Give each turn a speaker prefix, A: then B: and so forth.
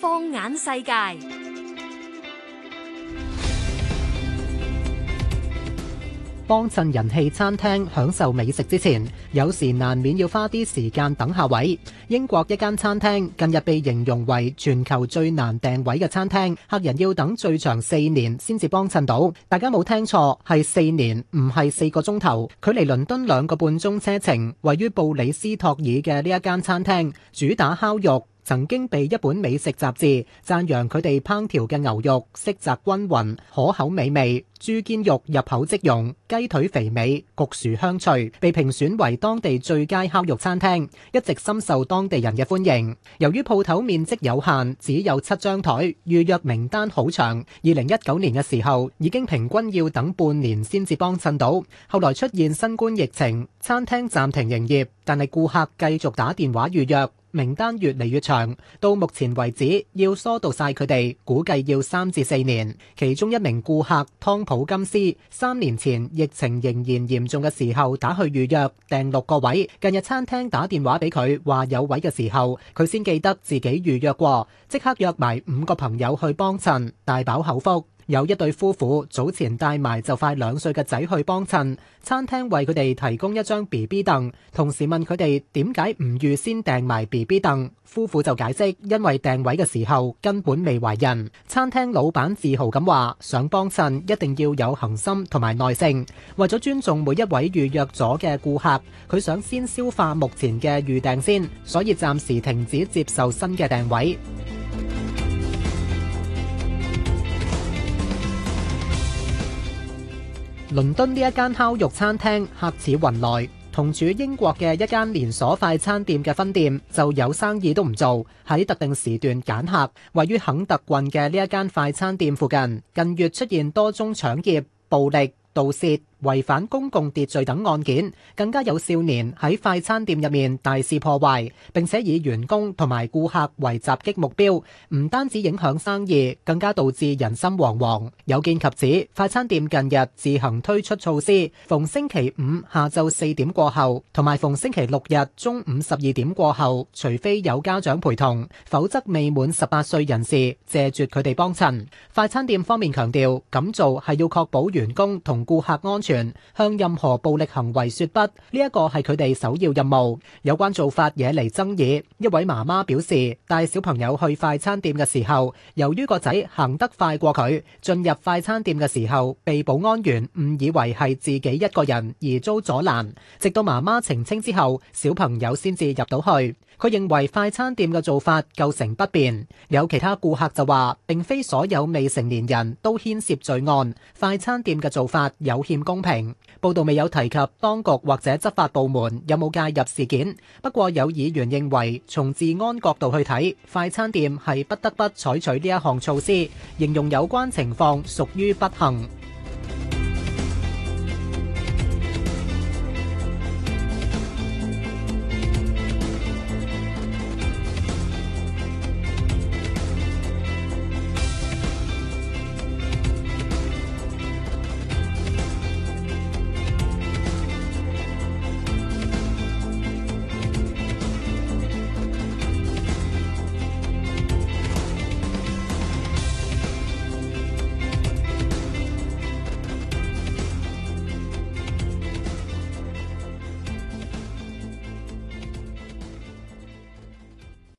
A: 放眼世界。幫襯人氣餐廳享受美食之前，有時難免要花啲時間等下位。英國一間餐廳近日被形容為全球最難訂位嘅餐廳，客人要等最長四年先至幫襯到。大家冇聽錯，係四年，唔係四個鐘頭。距離倫敦兩個半鐘車程，位於布里斯托爾嘅呢一間餐廳主打烤肉。曾經被一本美食雜誌讚揚佢哋烹調嘅牛肉色澤均勻、可口美味；豬肩肉入口即溶，雞腿肥美、焗薯香脆，被評選為當地最佳烤肉餐廳，一直深受當地人嘅歡迎。由於鋪頭面積有限，只有七張枱，預約名單好長。二零一九年嘅時候已經平均要等半年先至幫襯到，後來出現新冠疫情，餐廳暫停營業，但係顧客繼續打電話預約。名單越嚟越長，到目前為止要疏導晒佢哋，估計要三至四年。其中一名顧客湯普金斯三年前疫情仍然嚴重嘅時候打去預約訂六個位，近日餐廳打電話俾佢話有位嘅時候，佢先記得自己預約過，即刻約埋五個朋友去幫襯，大飽口福。有一對夫婦早前帶埋就快兩歲嘅仔去幫襯，餐廳為佢哋提供一張 BB 凳，同時問佢哋點解唔預先訂埋 BB 凳。夫婦就解釋因為訂位嘅時候根本未懷孕。餐廳老板自豪咁話：想幫襯一定要有恆心同埋耐性。為咗尊重每一位預約咗嘅顧客，佢想先消化目前嘅預訂先，所以暫時停止接受新嘅訂位。倫敦呢一間烤肉餐廳客似雲來，同處英國嘅一間連鎖快餐店嘅分店就有生意都唔做，喺特定時段揀客。位於肯特郡嘅呢一間快餐店附近，近月出現多宗搶劫、暴力、盜竊、違反公共秩序等案件，更加有少年喺快餐店入面大肆破壞，並且以員工同埋顧客為襲擊目標，唔單止影響生意，更加導致人心惶惶。有見及此，快餐店近日自行推出措施：逢星期五下晝四點過後，同埋逢星期六日中午十二點過後，除非有家長陪同，否則未滿十八歲人士謝絕佢哋幫襯。快餐店方面強調，咁做係要確保員工同。顧客安全，向任何暴力行為說不，呢一個係佢哋首要任務。有關做法惹嚟爭議。一位媽媽表示，帶小朋友去快餐店嘅時候，由於個仔行得快過佢，進入快餐店嘅時候被保安員誤以為係自己一個人而遭阻攔。直到媽媽澄清之後，小朋友先至入到去。佢認為快餐店嘅做法構成不便。有其他顧客就話，並非所有未成年人都牽涉罪案。快餐店嘅做法。有欠公平。報道未有提及當局或者執法部門有冇介入事件。不過有議員認為，從治安角度去睇，快餐店係不得不採取呢一項措施，形容有關情況屬於不幸。